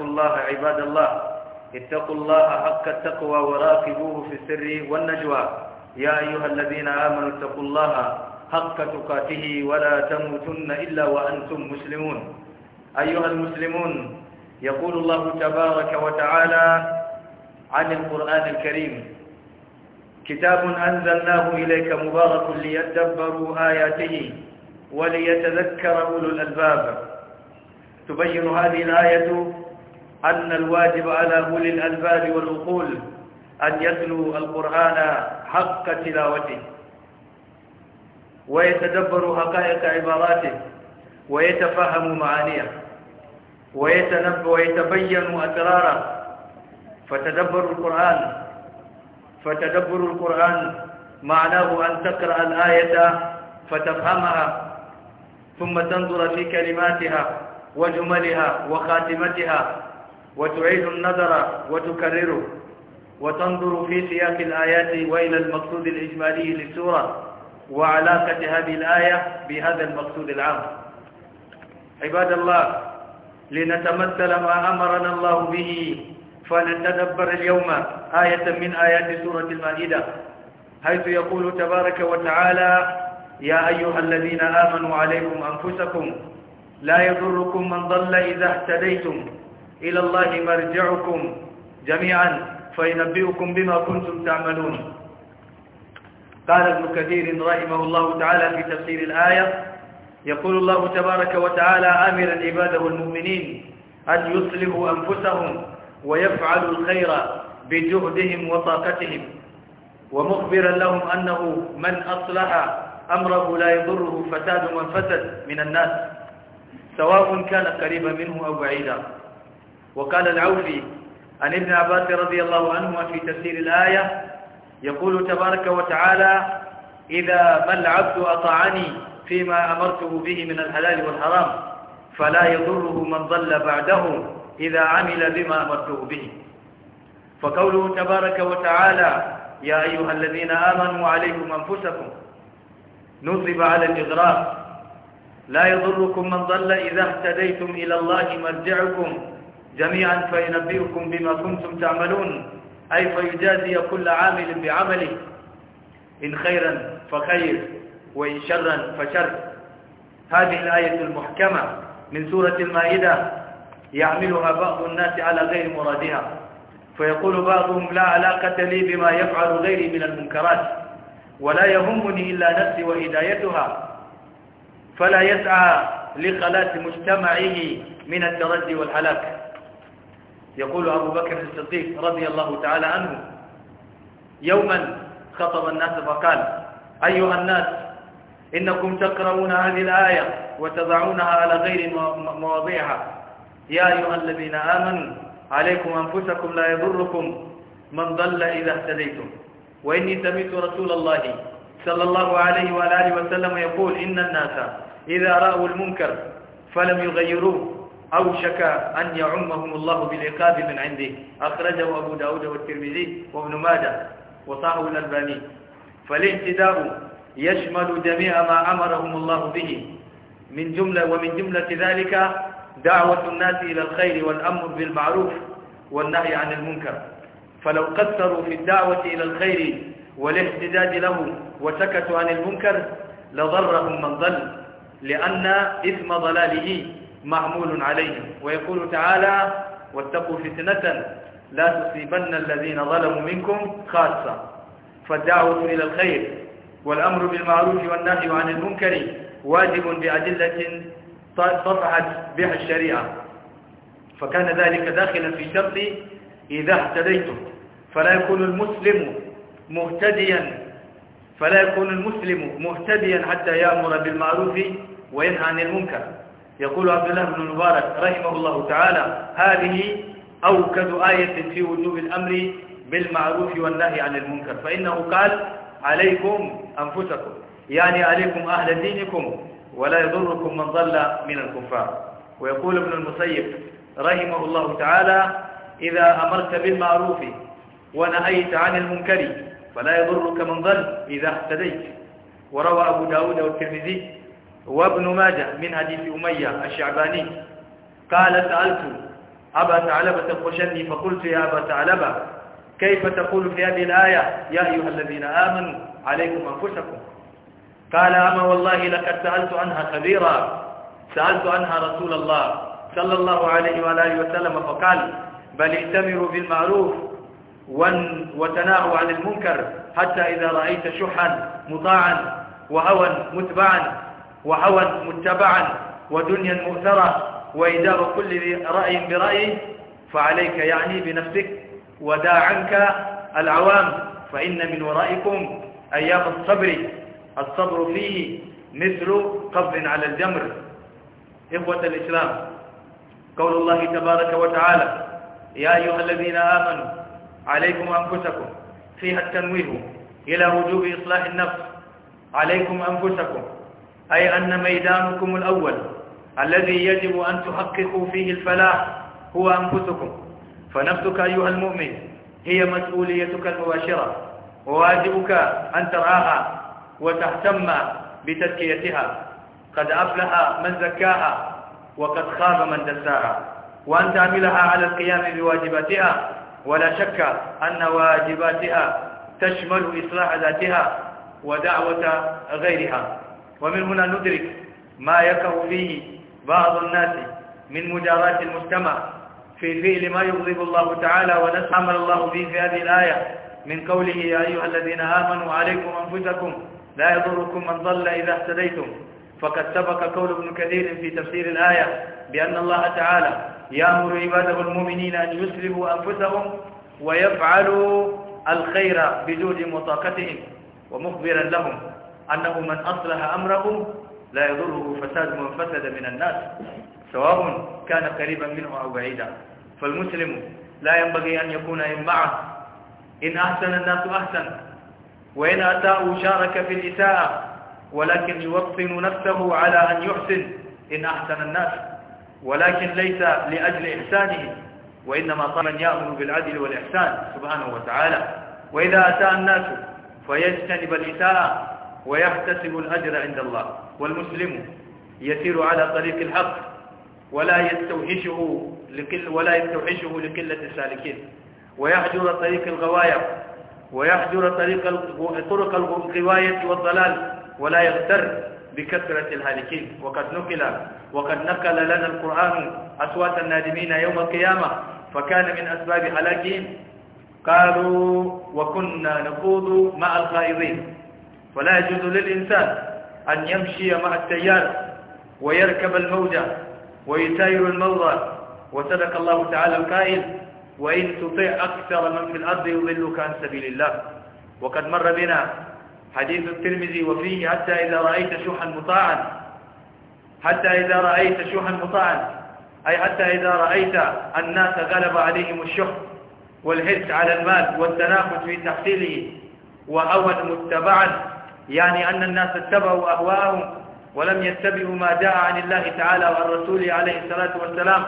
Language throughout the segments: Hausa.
اتقوا الله عباد الله اتقوا الله حق التقوى وراقبوه في السر والنجوى يا أيها الذين آمنوا اتقوا الله حق تقاته ولا تموتن إلا وأنتم مسلمون أيها المسلمون يقول الله تبارك وتعالى عن القرآن الكريم كتاب أنزلناه إليك مبارك ليدبروا آياته وليتذكر أولو الألباب تبين هذه الآية أن الواجب على أولي الألباب والعقول أن يتلوا القرآن حق تلاوته ويتدبروا حقائق عباراته ويتفهموا معانيه ويتبينوا أسراره فتدبروا القرآن فتدبروا القرآن معناه أن تقرأ الآية فتفهمها ثم تنظر في كلماتها وجملها وخاتمتها وتعيد النظر وتكرره وتنظر في سياق الآيات وإلى المقصود الإجمالي للسورة وعلاقة هذه الآية بهذا المقصود العام عباد الله لنتمثل ما أمرنا الله به فلنتدبر اليوم آية من آيات سورة المائدة حيث يقول تبارك وتعالى يا أيها الذين آمنوا عليكم أنفسكم لا يضركم من ضل إذا اهتديتم إلى الله مرجعكم جميعا فينبئكم بما كنتم تعملون قال ابن كثير رحمه الله تعالى في تفسير الآية يقول الله تبارك وتعالى آمرا عباده المؤمنين أن يصلحوا أنفسهم ويفعلوا الخير بجهدهم وطاقتهم ومخبرا لهم أنه من أصلح أمره لا يضره فساد من فسد من الناس سواء كان قريبا منه أو بعيدا وقال العوفي عن ابن عباس رضي الله عنهما في تفسير الآية يقول تبارك وتعالى إذا ما العبد أطاعني فيما أمرته به من الحلال والحرام فلا يضره من ضل بعده إذا عمل بما أمرته به فقوله تبارك وتعالى يا أيها الذين آمنوا عليكم أنفسكم نصب على الإغراق لا يضركم من ضل إذا اهتديتم إلى الله مرجعكم جميعا فينبئكم بما كنتم تعملون أي فيجازي كل عامل بعمله إن خيرا فخير وإن شرا فشر هذه الآية المحكمة من سورة المائدة يعملها بعض الناس على غير مرادها فيقول بعضهم لا علاقة لي بما يفعل غيري من المنكرات ولا يهمني إلا نفسي وهدايتها فلا يسعى لخلاص مجتمعه من التردي والهلاك يقول أبو بكر الصديق رضي الله تعالى عنه يوما خطب الناس فقال أيها الناس إنكم تقرؤون هذه الآية وتضعونها على غير مواضعها يا أيها الذين آمنوا عليكم أنفسكم لا يضركم من ضل إذا اهتديتم وإني سمعت رسول الله صلى الله عليه وآله وسلم يقول إن الناس إذا رأوا المنكر فلم يغيروه أوشك أن يعمهم الله بالعقاب من عنده أخرجه أبو داود والترمذي وابن ماجه وصاحب الألباني فالاهتداء يشمل جميع ما أمرهم الله به من جملة ومن جملة ذلك دعوة الناس إلى الخير والأمر بالمعروف والنهي عن المنكر فلو قصروا في الدعوة إلى الخير والاحتداد له وسكتوا عن المنكر لضرهم من ضل لأن إثم ضلاله محمول عليه ويقول تعالى واتقوا فتنة لا تصيبن الذين ظلموا منكم خاصة فالدعوة إلى الخير والأمر بالمعروف والنهي عن المنكر واجب بأدلة صفحت بها الشريعة فكان ذلك داخلا في شرط إذا اهتديتم فلا يكون المسلم مهتديا فلا يكون المسلم مهتديا حتى يأمر بالمعروف وينهى عن المنكر يقول عبد الله بن المبارك رحمه الله تعالى هذه أوكد آية في وجوب الأمر بالمعروف والنهي عن المنكر فإنه قال عليكم أنفسكم يعني عليكم أهل دينكم ولا يضركم من ضل من الكفار ويقول ابن المسيب رحمه الله تعالى إذا أمرت بالمعروف ونهيت عن المنكر فلا يضرك من ضل إذا اهتديت وروى أبو داود والترمذي وابن ماجه من حديث أمية الشعباني قال سألت أبا ثعلبة الخشني فقلت يا أبا ثعلبة كيف تقول في هذه الآية يا أيها الذين آمنوا عليكم أنفسكم قال أما والله لقد سألت عنها خبيرا سألت عنها رسول الله صلى الله عليه وآله وسلم فقال بل ائتمروا بالمعروف وتناهوا عن المنكر حتى إذا رأيت شحا مطاعا وهوى متبعا وهوى متبعا ودنيا مؤثرة وإدار كل رأي برأيه فعليك يعني بنفسك ودا عنك العوام فإن من ورائكم أيام الصبر الصبر فيه مثل قبض على الجمر إخوة الإسلام قول الله تبارك وتعالى يا أيها الذين آمنوا عليكم أنفسكم فيها التنويه إلى وجوب إصلاح النفس عليكم أنفسكم أي أن ميدانكم الأول الذي يجب أن تحققوا فيه الفلاح هو أنفسكم فنفسك أيها المؤمن هي مسؤوليتك المباشرة وواجبك أن ترعاها وتهتم بتزكيتها قد أفلح من زكاها وقد خاب من دساها وأن تعملها على القيام بواجباتها ولا شك أن واجباتها تشمل إصلاح ذاتها ودعوة غيرها ومن هنا ندرك ما يقع فيه بعض الناس من مجاراة المجتمع في فعل ما يغضب الله تعالى ونسحمل الله فيه في هذه الآية من قوله يا أيها الذين آمنوا عليكم أنفسكم لا يضركم من ضل إذا اهتديتم فقد سبق قول ابن كثير في تفسير الآية بأن الله تعالى يأمر عباده المؤمنين أن يسلبوا أنفسهم ويفعلوا الخير بدون وطاقتهم ومخبرا لهم أنه من أصلح أمره لا يضره فساد من فسد من الناس سواء كان قريبا منه أو بعيدا فالمسلم لا ينبغي أن يكون معه إن أحسن الناس أحسن وإن أتاه شارك في الإساءة ولكن يوطن نفسه على أن يحسن إن أحسن الناس ولكن ليس لأجل إحسانه وإنما من يأمر بالعدل والإحسان سبحانه وتعالى وإذا أتاء الناس فيجتنب الإساءة ويحتسب الأجر عند الله والمسلم يسير على طريق الحق ولا يستوحشه لكل ولا يستوحشه لقلة السالكين ويحجر طريق الغواية ويحجر طريق طرق الغواية والضلال ولا يغتر بكثرة الهالكين وقد نقل وقد نقل لنا القرآن أصوات النادمين يوم القيامة فكان من أسباب هلاكهم قالوا وكنا نخوض مع الخائضين فلا يجوز للإنسان أن يمشي مع التيار ويركب الموجة ويساير الموضة وصدق الله تعالى القائل وإن تطيع أكثر من في الأرض يضلك عن سبيل الله وقد مر بنا حديث الترمذي وفيه حتى إذا رأيت شوحا مطاعا حتى إذا رأيت شوحا مطاعا أي حتى إذا رأيت الناس غلب عليهم الشح والهز على المال والتنافس في تحصيله وهوى متبعا يعني أن الناس اتبعوا أهواءهم ولم يتبعوا ما جاء عن الله تعالى وعن رسوله عليه الصلاة والسلام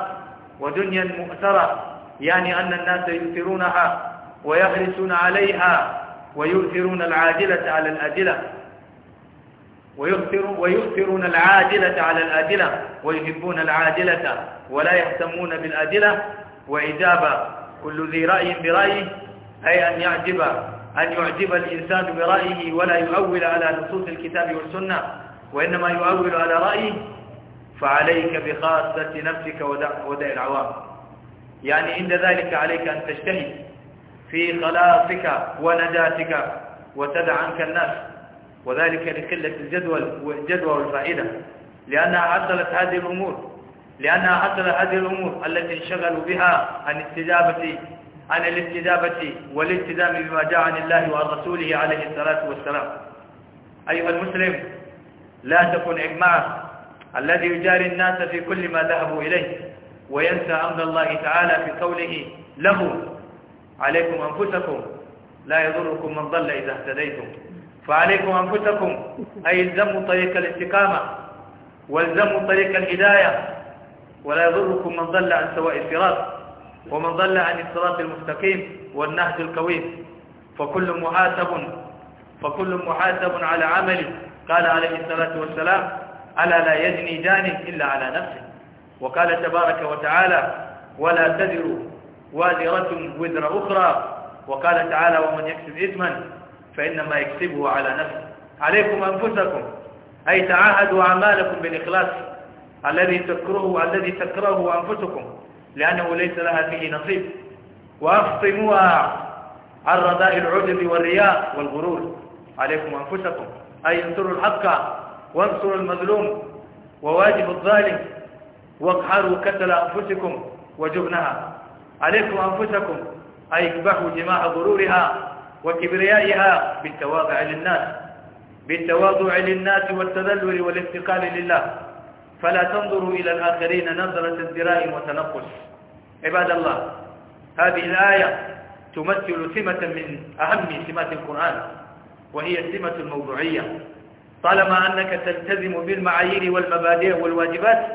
ودنيا مؤثرة يعني أن الناس يؤثرونها ويحرصون عليها ويؤثرون العادلة على الأدلة ويؤثرون العادلة على الأدلة ويحبون العادلة ولا يهتمون بالأدلة وإجابة كل ذي رأي برأيه أي أن يعجب أن يعجب الإنسان برأيه ولا يؤول على نصوص الكتاب والسنة وإنما يؤول على رأيه فعليك بخاصة نفسك ودع العوام يعني عند ذلك عليك أن تجتهد في خلاصك ونجاتك وتدع عنك الناس وذلك لقلة الجدول والجدوى والفائدة لأنها حصلت هذه الأمور لأنها حصلت هذه الأمور التي انشغلوا بها عن استجابة عن الاستدابة والالتزام بما جاء عن الله وعن رسوله عليه الصلاة والسلام أيها المسلم لا تكن إجماع الذي يجاري الناس في كل ما ذهبوا إليه وينسى أمر الله تعالى في قوله له عليكم أنفسكم لا يضركم من ضل إذا اهتديتم فعليكم أنفسكم أي الزموا طريق الاستقامة والزموا طريق الهداية ولا يضركم من ضل عن سواء الفراق ومن ضل عن الصراط المستقيم والنهج القويم فكل محاسب فكل محاسب على عمله قال عليه الصلاة والسلام ألا لا يجني جانب إلا على نفسه وقال تبارك وتعالى ولا تذر وازرة وذر أخرى وقال تعالى ومن يكسب إثما فإنما يكسبه على نفسه عليكم أنفسكم أي تعاهدوا أعمالكم بالإخلاص الذي تكرهه الذي تكرهه أنفسكم لأنه ليس لها فيه نصيب وأفطموها عن رداء العجب والرياء والغرور عليكم أنفسكم أي انصروا الحق وانصروا المظلوم وواجب الظالم واقحروا كسل أنفسكم وجبنها عليكم أنفسكم أي اكبحوا جماع غرورها وكبريائها بالتواضع للناس بالتواضع للناس والتذلل والاستقال لله فلا تنظروا إلى الآخرين نظرة ازدراء وتنقص عباد الله هذه الآية تمثل سمة من أهم سمات القرآن وهي السمة الموضوعية طالما أنك تلتزم بالمعايير والمبادئ والواجبات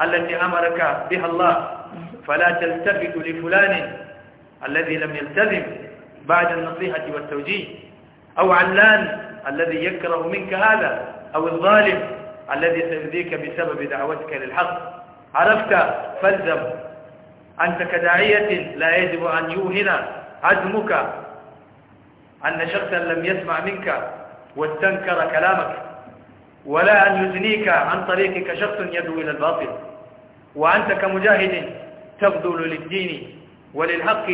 التي أمرك بها الله فلا تلتفت لفلان الذي لم يلتزم بعد النصيحة والتوجيه أو علان الذي يكره منك هذا أو الظالم الذي سيؤذيك بسبب دعوتك للحق عرفت فالزم أنت كداعية لا يجب أن يوهن عزمك أن شخصا لم يسمع منك واستنكر كلامك ولا أن يثنيك عن طريقك شخص يدعو إلى الباطل وأنت كمجاهد تبذل للدين وللحق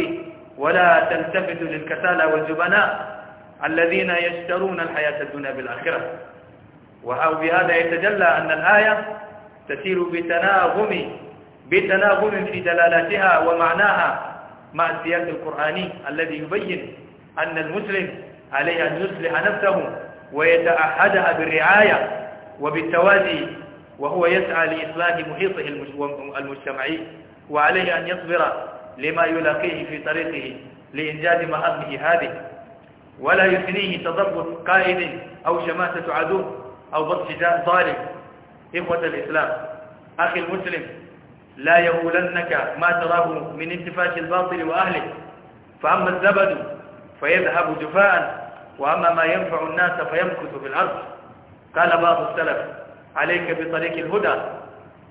ولا تلتفت للكسالى والجبناء الذين يشترون الحياة الدنيا بالآخرة وأو بهذا يتجلى أن الآية تسير بتناغم بتناغم في دلالاتها ومعناها مع السياق القرآني الذي يبين أن المسلم عليه أن يصلح نفسه ويتأحدها بالرعاية وبالتوازي وهو يسعى لإصلاح محيطه المجتمعي وعليه أن يصبر لما يلاقيه في طريقه لإنجاز مهامه هذه ولا يثنيه تضبط قائد أو شماسة عدو أو باضطجاء ظالم إخوة الإسلام أخي المسلم لا يهولنك ما تراه من انتفاش الباطل وأهله فأما الزبد فيذهب جفاء وأما ما ينفع الناس فيمكث في الأرض قال بعض السلف عليك بطريق الهدى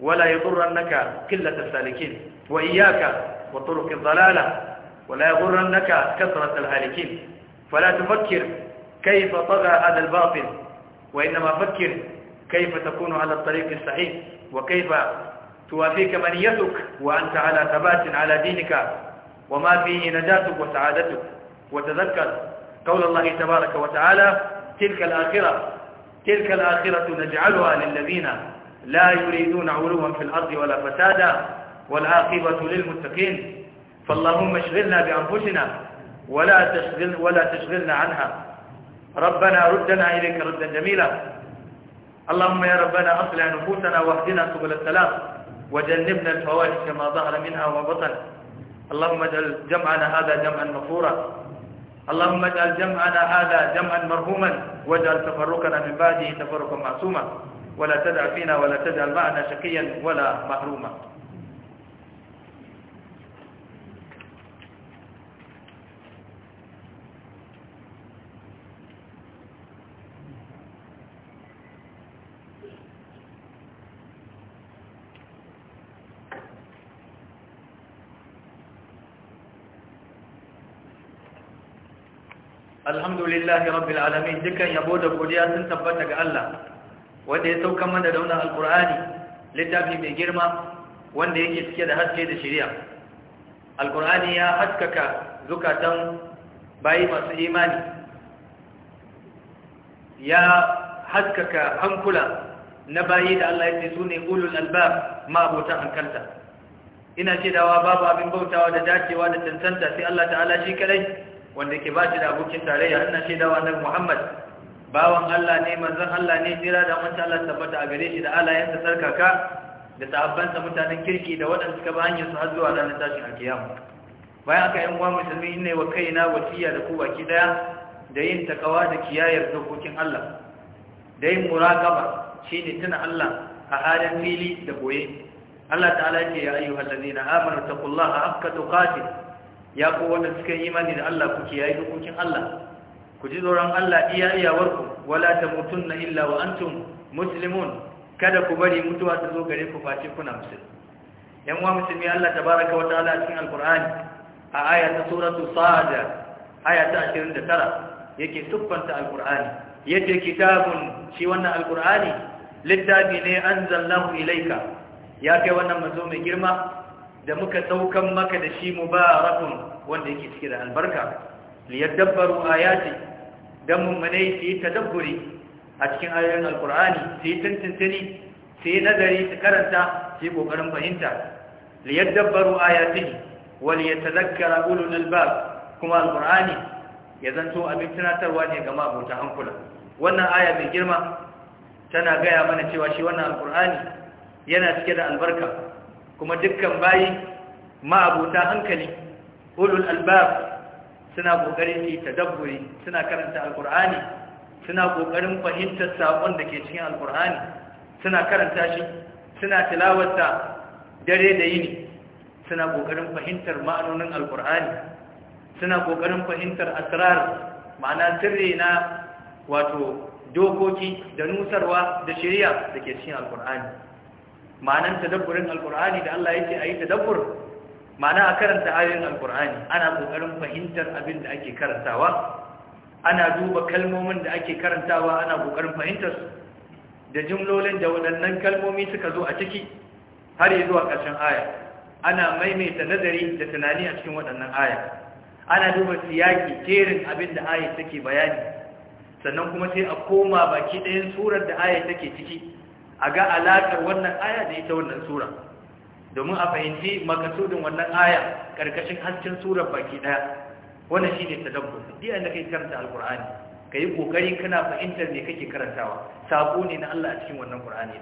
ولا يضرنك قلة السالكين وإياك وطرق الضلالة ولا يغرنك كثرة الهالكين فلا تفكر كيف طغى هذا الباطل وإنما فكر كيف تكون على الطريق الصحيح وكيف توافيك منيتك وأنت على ثبات على دينك وما فيه نجاتك وسعادتك وتذكر قول الله تبارك وتعالى تلك الآخرة تلك الآخرة نجعلها للذين لا يريدون علوا في الأرض ولا فسادا والعاقبة للمتقين فاللهم اشغلنا بأنفسنا ولا تشغل ولا تشغلنا عنها ربنا ردنا إليك ردا جميلا اللهم يا ربنا أصلح نفوسنا واهدنا سبل السلام وجنبنا الفواحش ما ظهر منها وبطن اللهم اجعل جمعنا هذا جمعا مغفورا اللهم اجعل جمعنا هذا جمعا مرحوما واجعل تفرقنا من بعده تفرقا معصوما ولا تدع فينا ولا تجعل معنا شقيا ولا محروما alhamdulillahi rabbil alamin dukan yabo da godiya sun tabbata ga Allah wanda ya sauka mana da wannan alqur'ani littafi mai girma wanda yake cike da haske da shari'a alqur'ani ya haskaka zukatan bayi masu imani ya haskaka hankula na bayi da Allah ya ce sune ulul albab ma abota hankalta ina ce dawa babu abin bautawa da dacewa da tantanta sai Allah ta'ala shi kadai wanda ke ba shi da abokin tarayya ina shaida wa wannan Muhammad bawan Allah ne manzon Allah ne jira da mun Allah tabbata a gare shi da alayansa sarkaka da sahabbansa mutanen kirki da waɗanda suka ba hanyar su har zuwa ranar tashin alkiyama bayan aka yi uwa musulmi ne wa kaina wasiya da ku baki daya da yin takawa da kiyayar dokokin Allah da yin muraqaba shine tuna Allah a halin fili da boye Allah ta'ala ce ya ayyuhallazina amanu taqullaha haqqa tuqatih ya ku wanda suka yi imani da Allah kuke yayi hukuncin Allah ku ji tsoron Allah iya iyawarku wala tamutunna illa wa antum muslimun kada ku bari mutuwa ta zo gare ku face kuna musulmi yan uwa musulmi Allah tabaraka wa ta'ala cikin alqur'ani a aya ta suratu sad aya ta 29 yake tuffanta alqur'ani yace kitabun shi wannan alqur'ani littafi ne anzalnahu ilayka ya kai wannan manzo mai girma da muka saukan maka da shi mubarakun wanda yake cike da albarka liyadabbaru ayati dan mummunai su yi tadabburi a cikin ayoyin alkur'ani su yi tuntuntuni su yi nazari su karanta su yi kokarin fahimta liyadabbaru ayatihi wa liyatadhakkara ulul albab kuma alkur'ani ya zanto abin tunatarwa ne ga mabuta hankula wannan aya mai girma tana gaya mana cewa shi wannan alkur'ani yana cike da albarka kuma dukkan bayi ma'abuta hankali ulul albab suna kokarin yi tadabburi suna karanta alqur'ani suna kokarin fahimtar sabon da ke cikin alqur'ani suna karanta shi suna tilawarsa dare da yini suna kokarin fahimtar ma'anonin alqur'ani suna kokarin fahimtar asrar ma'ana sirri na wato dokoki da nusarwa da shari'a da ke cikin alqur'ani ma'anar tadabburin alkur'ani da Allah yake ayi tadabbur ma'ana a karanta ayoyin alkur'ani ana kokarin fahimtar abin da ake karantawa ana duba kalmomin da ake karantawa ana kokarin fahimtar su da jimlolin da waɗannan kalmomi suka zo a ciki har yi zuwa ƙarshen aya ana maimaita nazari da tunani a cikin waɗannan aya ana duba siyaki jerin abin da aya take bayani sannan kuma sai a koma baki ɗayan surar da aya take ciki a ga alaƙar wannan aya da ita wannan sura domin a fahimci makasudin wannan aya ƙarƙashin hasken surar baki ɗaya wannan shi ne ta tadabbur diya da kai karanta alƙur'ani ka yi ƙoƙari kana fahimtar me kake karantawa saƙo ne na Allah a cikin wannan ƙur'ani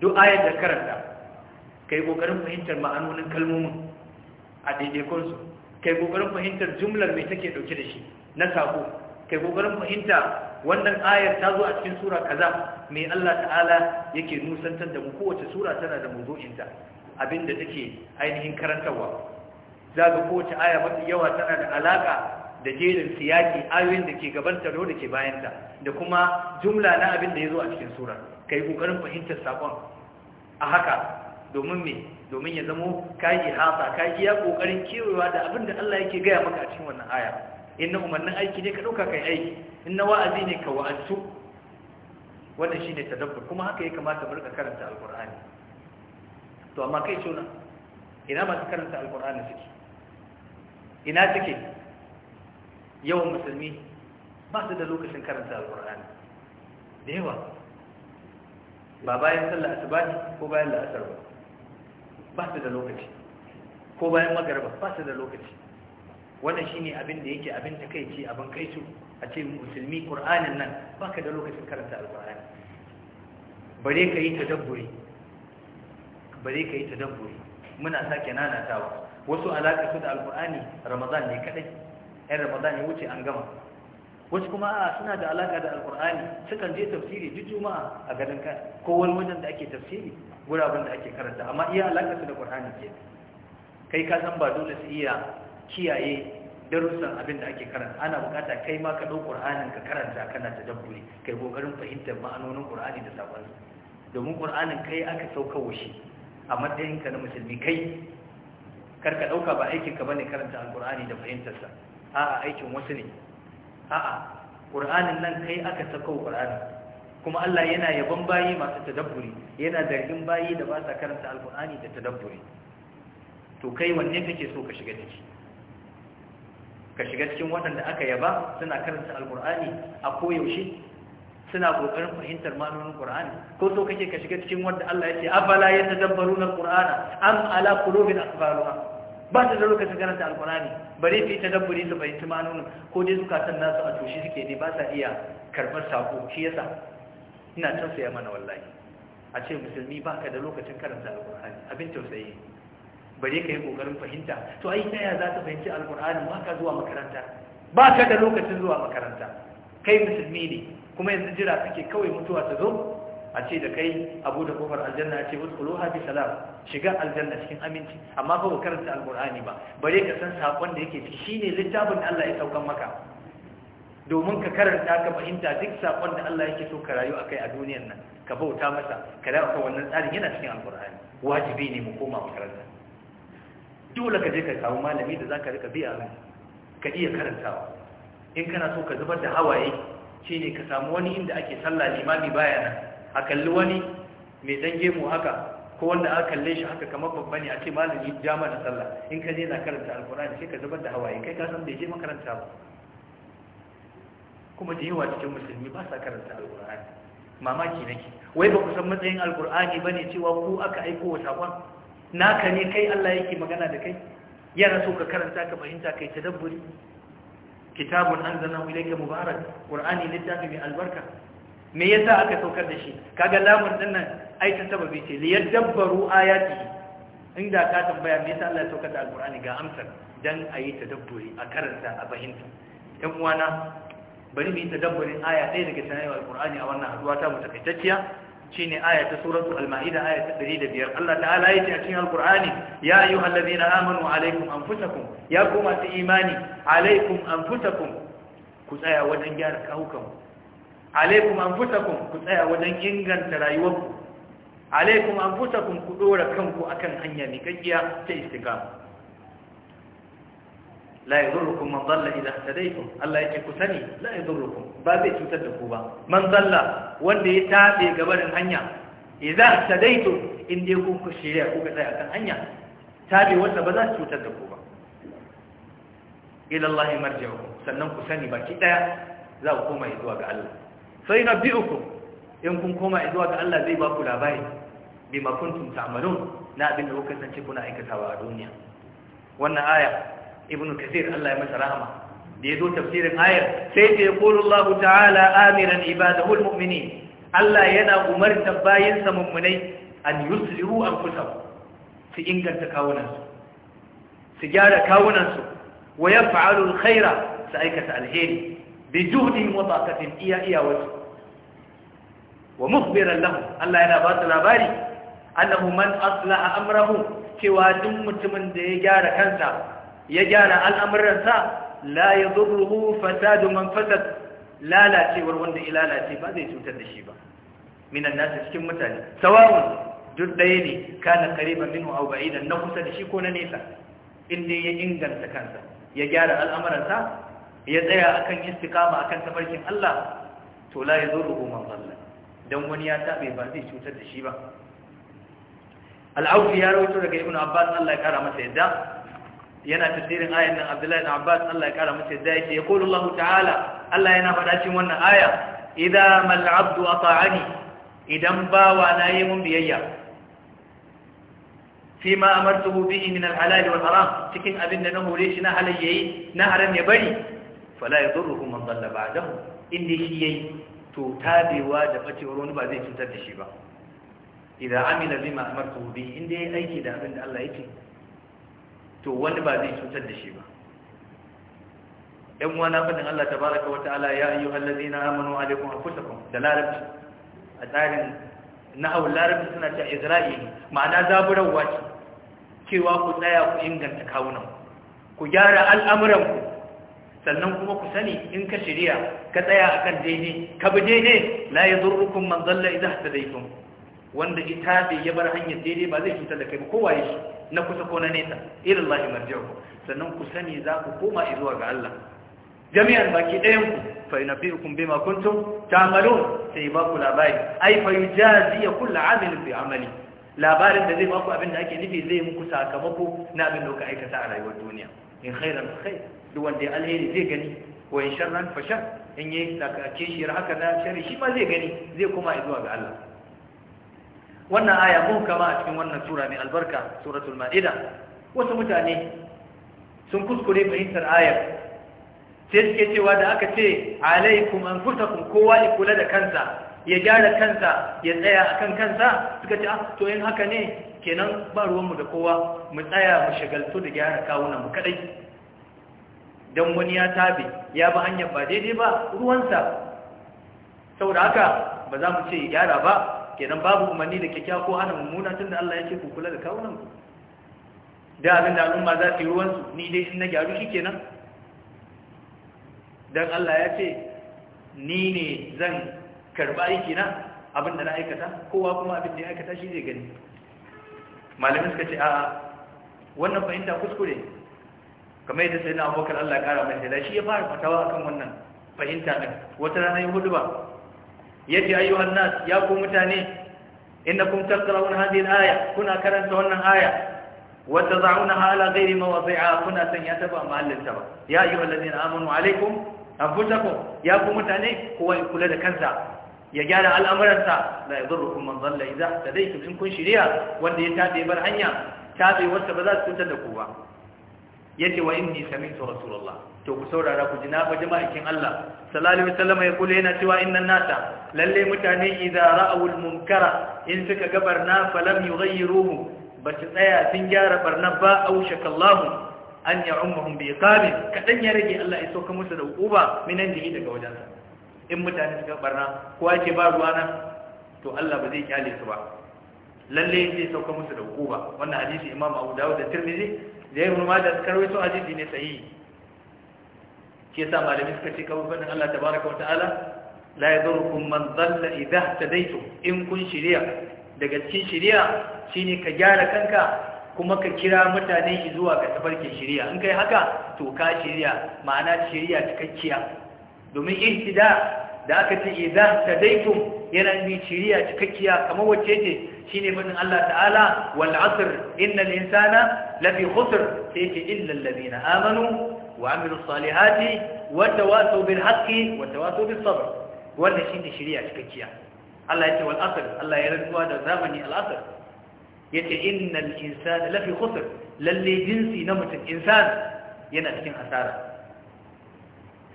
duk ayar da karanta ka yi ƙoƙarin fahimtar ma'anonin kalmomin a daidaikonsu ka yi ƙoƙarin fahimtar jumlar mai take ɗauke da shi na saƙo ka yi ƙoƙarin fahimta wannan ayar ta zo a cikin sura kaza mai Allah ta'ala yake nusantar da mu kowace sura tana da muzo'inta abinda take ainihin karantarwa za ga kowace aya mafi yawa tana da alaka da jerin siyaki ayoyin da ke gabanta da wanda ke bayanta da kuma jumla na abin da ya zo a cikin sura ka yi ƙoƙarin fahimtar saƙon a haka domin me domin ya zamo kayi hasa kayi ya ƙoƙarin kewewa da abin da Allah yake gaya maka a cikin wannan aya in na umarnin aiki ne ka ɗauka kai aiki in na wa'azi ne ka wa'azu wannan shi ne tadabbur kuma haka ya kamata mu rika karanta alkur'ani to amma kai suna ina masu karanta alkur'ani suke ina suke yawan musulmi ba su da lokacin karanta alkur'ani da yawa ba bayan sallah asuba ko bayan la'asar ba ba su da lokaci ko bayan magarba ba su da lokaci wannan shine abin da yake abin takeici abin kaisu a ce musulmi qur'anin nan baka da lokacin karanta alqur'ani bare ka yi tadabburi bare ka yi tadabburi muna sake nanatawa wasu alaka su da alqur'ani ramadan ne kadai ɗan ramadan ya wuce an gama wasu kuma a suna da alaka da alqur'ani sukan je tafsiri duk juma'a a garin ka ko wani wajen da ake tafsiri guraben da ake karanta amma iya alaka su da qur'ani ke kai ka san ba dole su iya kiyaye darussan abin da ake karanta ana bukata kai ma ka ɗau ƙur'anin ka karanta kana ta dabbure kai ƙoƙarin fahimtar ma'anonin ƙur'ani da saƙonsa domin ƙur'anin kai aka saukawa shi a matsayinka na musulmi kai kar ka ɗauka ba aikinka ba ne karanta alƙur'ani da fahimtarsa a'a aikin wasu ne a'a ƙur'anin nan kai aka saukawa ƙur'anin kuma Allah yana yaban bayi masu tadabburi yana zargin bayi da ba sa karanta Alƙur'ani da tadabburi to kai wanne kake so ka shiga ciki ka shiga cikin waɗanda aka yaba suna karanta alkur'ani a koyaushe suna ƙoƙarin fahimtar manonin ƙur'ani ko so kake ka shiga cikin wanda Allah ya ce afala ya tadabbaru na ƙur'ana am ala qulubin aqbaluha ba ta da lokacin karanta alkur'ani bare fi tadabburi su fahimci manonin ko dai zukatan nasu a toshe suke ne ba sa iya karɓar sako shi yasa ina tausaya mana wallahi a ce musulmi baka da lokacin karanta alkur'ani abin tausayi bare ka yi kokarin fahimta to ai ta yaya za ta fahimci alkur'anin ba ka zuwa makaranta ba ka da lokacin zuwa makaranta kai musulmi ne kuma yanzu jira suke kawai mutuwa su zo a ce da kai abu da kofar aljanna ya ce wuskuluha bi salam shiga aljanna cikin aminci amma ba karanta alkur'ani ba bare ka san sakon da yake ciki shine littafin da Allah ya saukan maka domin ka karanta ka fahimta duk sakon da Allah yake so ka rayu akai a duniyar nan ka bauta masa ka dawo ka wannan tsarin yana cikin alkur'ani wajibi ne mu koma makaranta dole ka je ka samu malami da zaka rika biya mai ka iya karantawa in kana so ka zubar da hawaye ne ka samu wani inda ake sallah limami baya nan a kalli wani mai zange mu haka ko wanda aka kalle shi haka kamar babba ne a ce malami ja mana sallah in ka je na karanta alkur'ani sai ka zubar da hawaye kai ka san bai je makaranta ba kuma da yawa cikin musulmi ba sa karanta alkur'ani mamaki nake wai ba ku san matsayin alkur'ani bane cewa ku aka aiko wa sakon naka ne kai Allah yake magana da kai yana so ka karanta ka fahimta kai tadabburi kitabun anzalnahu ilayka mubarak qur'ani littafi mai albarka me yasa aka saukar da shi kaga lamun din nan ai ta sababi ce li yadabbaru ayati inda ka tambaya me yasa Allah ya saukar da alqur'ani ga amsar dan ayi tadabburi a karanta a fahimta ɗan uwana bari mu yi tadabburin aya ɗaya daga cikin alqur'ani a wannan haduwa ta mu takaitacciya shine aya ta suratul al-maida aya ta 105 Allah ta'ala ya yace a cikin alqur'ani ya ayyuhallazina amanu alaikum anfusakum ya ku masu imani alaikum anfusakum ku tsaya wajen gyara kawukan alaikum anfusakum ku tsaya wajen inganta rayuwarku alaikum anfusakum ku dora kanku akan hanya mikakkiya ta istiqama la yadurrukum man dalla idha ihtadaytum Allah yake ku sani la yadurrukum ba zai cutar da ku ba man dalla wanda ya tabe gabarin hanya idha ihtadaytum in dai ku ku shirya ku tsaya akan hanya tabe wanda ba za su cutar da ku ba ila Allah marji'ukum sannan ku sani baki daya za ku koma zuwa ga Allah Sai fa yunabbi'ukum in kun koma zuwa ga Allah zai ba ku labari bima kuntum ta'malun na abin da kuka kasance kuna aikatawa a duniya wannan aya ibn kathir Allah ya masa rahama da ya zo tafsirin ayar sai ta yaqulu Allah ta'ala amiran ibadahu almu'minin Allah yana umartar bayinsa mummunai an yuslihu anfusahum su inganta kawunansu su gyara kawunansu wa yaf'alu alkhaira su aikata alheri bi juhdihim wa taqatihim iya iya wasu wa mukhbiran lahu Allah yana ba su labari annahu man aslaha amrahu cewa duk mutumin da ya gyara kansa ya gyara al'amuransa la ya zurruhu fasadu man fasad lalacewar wanda ya lalace ba zai cutar da shi ba minan nasu cikin mutane sawawun duk ɗaya ne kana kariban minhu aw ba'idan na kusa da shi ko na nesa inda ya inganta kansa ya gyara al'amuransa ya tsaya akan istiqama akan tafarkin Allah to la yadurruhu man dhalla don wani ya tabe ba zai cutar da shi ba al ya rawaito daga ibnu abbas Allah ya kara masa yadda yana tafsirin ayan nan Abdullahi ibn Abbas Allah ya kara masa da yake yaqulu Allah ta'ala Allah yana faɗa cikin wannan aya idza mal 'abdu ata'ani idan bawa na yi mun biyayya fima amartuhu bihi min al-halal wal haram cikin abin da na hore shi na halal yayi na haram ya bari fala yadurruhu man dalla ba'dahu inda shi yayi to tabewa da bacewar wani ba zai cutar da shi ba idza amila bima amartuhu bihi inda yayi aiki da abin da Allah yake to wani ba zai cutar da shi ba ɗan wana faɗin Allah ta baraka wa ta'ala ya ayyu hallazi na amanu alaikum anfusakum da larabci a tsarin na'au larabci suna cewa isra'ili ma'ana zaburarwa ce cewa ku tsaya ku inganta kawunan ku gyara al'amuranku sannan kuma ku sani in ka shirya ka tsaya a kan daidai ka bi daidai la yadurrukum man dalla idza hadaytum wanda ita bai ya bar hanyar daidai ba zai cutar da kai ba ya shi na kusa ko na nesa irin lahi marji'ukum sannan ku sani za ku koma zuwa ga Allah jami'an baki ɗayan ku fa yunabbi'ukum bima ta ta'malun sai ba ku labari ai fa yujaziya kullu 'amalin bi 'amali labarin da zai ba ku abin da ake nufi zai muku sakamako na abin da aikata a rayuwar duniya in khairan khair duk wanda ya alheri zai gani wa in sharran fa shar in yi sakakishiyar haka na shari shi ma zai gani zai koma zuwa ga Allah wannan aya mun kama a cikin wannan sura mai albarka suratul ma'ida wasu mutane sun kuskure fahimtar ayar sai suke cewa da aka ce alaikum an kun kowa ya kula da kansa ya gyara kansa ya tsaya a kan kansa suka ce ah to in haka ne kenan ba ruwanmu da kowa mu tsaya mu shagaltu da gyara kawunan mu kadai dan wani ya tabe ya ba hanyar ba daidai ba ruwansa saboda haka ba za mu ce ya gyara ba kenan babu umarni da kyakkyawa ko hana mummuna tunda Allah ya ce ku kula da kawunan ku da abin da al'umma za su yi ruwansu, ni dai in na gyaru shi kenan dan Allah ya ce ni ne zan karba aiki na abin da na aikata kowa kuma abin da ya aikata shi zai gani malamin suka ce a'a wannan fahimta kuskure kamar yadda sai na abokan Allah ya kara mai da shi ya fara fatawa akan wannan fahimta din wata rana ya hudu ba yace ayyuhan nas ya ku mutane innakum taqrauna hadhihi alaya kuna karanta wannan aya wa tad'unaha ala ghairi mawadhi'a kuna sanya ta ba mahallin ta ba ya ayyuhan ladina amanu alaykum anfusakum ya ku mutane ku wai kula da kansa ya gyara al'amuran sa la yadurrukum man dhalla idha tadaytum in kun shiriya wanda ya tabe bar hanya tabe wacce ba za su cutar da ku ba yace wa inni sami'tu rasulullah to ku saurara ku ji na ba jama'ikin Allah sallallahu alaihi wasallam ya kula yana cewa innan nata, lalle mutane idza ra'aw munkara in suka ga barna falam yughayyiruhu ba su tsaya sun gyara barna ba au shakallahu an ya'ummuhum bi iqabi kadan ya rage Allah ya sauka musu da uba, minan jihi daga wajen wajensa in mutane suka barna ko ake ba ruwana to Allah ba zai kyale su ba lalle zai sauka musu da uba, wannan hadisi Imam Abu Dawud da Tirmidhi da Ibn da suka rawaito hadisi ne sahihi shi yasa malami suka ce kawai fadin Allah tabaraka wa ta'ala la yadurrukum man dhalla idha tadaytum in kun shiriya daga cikin shiriya shine ka gyara kanka kuma ka kira mutane zuwa ga tafarkin shiriya in kai haka to ka shiriya ma'ana shiriya cikakkiya domin ihtida da aka ce idza tadaytum yana bi shiriya cikakkiya kamar wacce ce shine fadin Allah ta'ala wal asr innal insana lafi khusr sai ce illa alladhina amanu وعملوا الصالحات وتواصوا بالحق وتواصوا بالصبر wannan shine shari'a cikakkiya Allah yace wal asr Allah ya rantsuwa da zamani al asr yace innal insana lafi khusr lalle jinsi na mutum insan yana cikin asara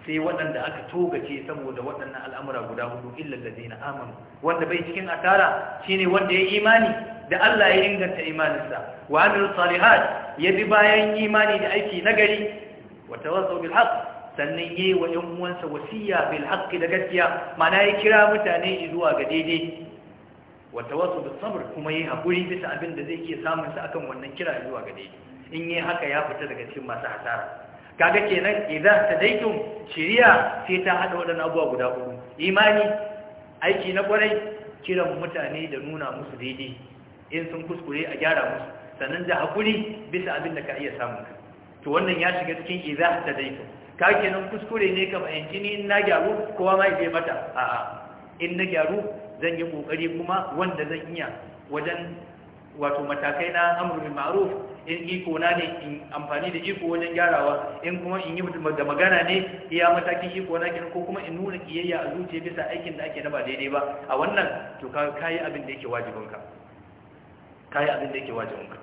sai waɗanda aka togace saboda waɗannan al'amura guda hudu illal ladina amanu wanda bai cikin asara shine wanda ya imani da Allah ya inganta imaninsa wa amilus salihat ya bi bayan imani da aiki nagari وتواصوا بالحق sannan yayi wa 'yan uwansa wasiya bil haqqi da gaskiya mana ya kira mutane zuwa ga daidai wa tawassu bis sabr kuma yayi hakuri bisa abin da zai iya samun sa akan wannan kira zuwa ga daidai in yayi haka ya fita daga cikin masu hasara kaga kenan idan tadaitum shiriya sai ta hada wadannan abubuwa guda uku. imani aiki na kwarai kiran mutane da nuna musu daidai in sun kuskure a gyara musu sannan da hakuri bisa abin da ka iya samun ka to wannan ya shiga cikin iza idza tadaita ka kenan kuskure ne ka fahimci ni in na gyaru kowa ma yaje mata a'a in na gyaru zan yi kokari kuma wanda zan iya wajen wato matakai na amru bil ma'ruf in iko na ne in amfani da iko wajen gyarawa in kuma in yi da magana ne iya matakin iko na kenan ko kuma in nuna kiyayya a zuciya bisa aikin da ake na ba daidai ba a wannan to ka kai abin da yake wajibinka kai abin da yake wajibinka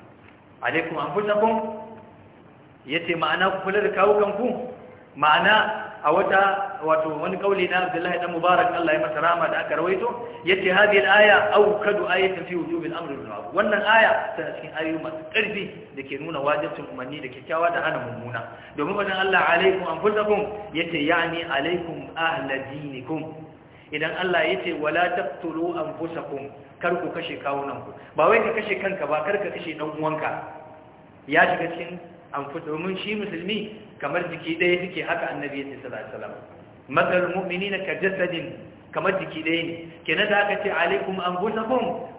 alaikum anfusakum yace ma'ana ku kula da kawukan ku ma'ana a wata wato wani kauli na Abdullahi dan Mubarak Allah ya masa rahama da aka rawaito yace hadhihi al-aya awkadu ayatin fi wujubil amri bil ma'ruf wannan aya tana cikin ayoyi masu karfi dake nuna wajibcin umarni da kyakkyawa da hana mummuna domin wannan Allah alaikum anfusakum yace yani alaikum ahla dinikum idan Allah yace wala taqtulu anfusakum kar ku kashe kawunanku ba wai ka kashe kanka ba kar ka kashe dan uwanka ya shiga cikin an fi domin shi musulmi kamar jiki ɗaya suke haka annabi ya sallallahu alaihi wasallam matsar mu'mini na kajasadin kamar jiki ɗaya ne kenan da aka ce alaikum an kun?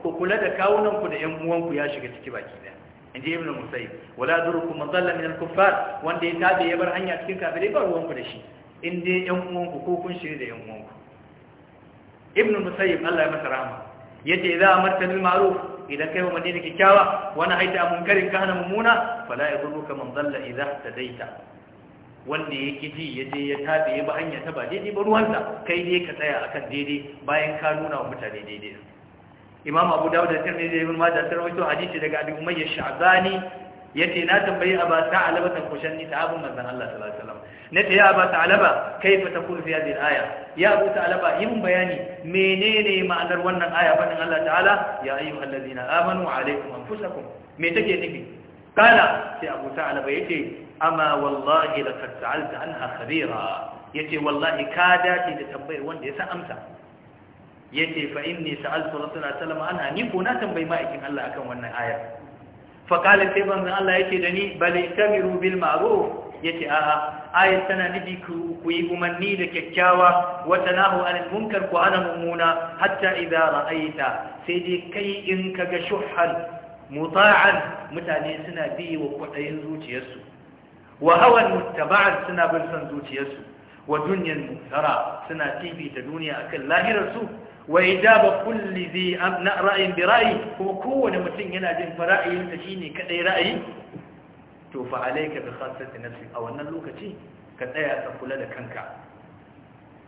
ku kula da kawunanku da ƴan uwanku ya shiga ciki baki ɗaya inji ibn musayyib wala durukum man dalla min al-kuffar wanda ya tabe ya bar hanya cikin kafirai ba ruwanku da shi in dai ƴan uwanku ko kun shiri da ƴan uwanku ibn musayyib Allah ya masa rahama yace idza amarta bil ma'ruf idan kai wa da kikkiawa wani haita a munkarin kana mummuna fala yadurruka man dalla idza tadaita wanda ya ji ya je ya tabe ya ba hanya ta ba daidai ba ruwansa kai dai ka tsaya akan daidai bayan ka nuna wa mutane daidai imam abu dawud da da ibn majah sun rawaito hadisi daga abi umayya sha'bani yace na tambayi aba ta'alaba tan kushanni ta'abun manzon Allah sallallahu alaihi wasallam nace ya aba ta'alaba kaifa takun fi hadhihi al-aya ya abu ta'alaba yin bayani menene ma'anar wannan aya fadin Allah ta'ala ya ayyuhallazina amanu alaikum anfusakum me take nufi kala sai abu ta alaba ya ce amma wallahi da katta'alta an khabira ya ce wallahi ka dace da tambayar wanda ya sa amsa ya ce fa inni sa'altu rasulullah sallallahu alaihi wasallam ni ko na tambayi ma'aikin Allah akan wannan aya fa qala sai ban Allah yake da ni bal tamiru bil ya yace a'a ayat tana nufi ku yi umarni da kyakkyawa wata nahu anil munkar ku ana mummuna hatta idza ra'aita sai dai kai in kaga shuhar muta'an mutane suna bi wa kwaɗayin zuciyarsu wa hawan muttaba'an suna bin son zuciyarsu wa dunyan mutara suna ta duniya akan lahirarsu wa ba kulli zai amna ra'ayin bi ra'ayi kuma kowane mutum yana jin fa ra'ayinsa shine kadai ra'ayi to fa alayka bi khassati nafsi a wannan lokaci ka tsaya ka kula da kanka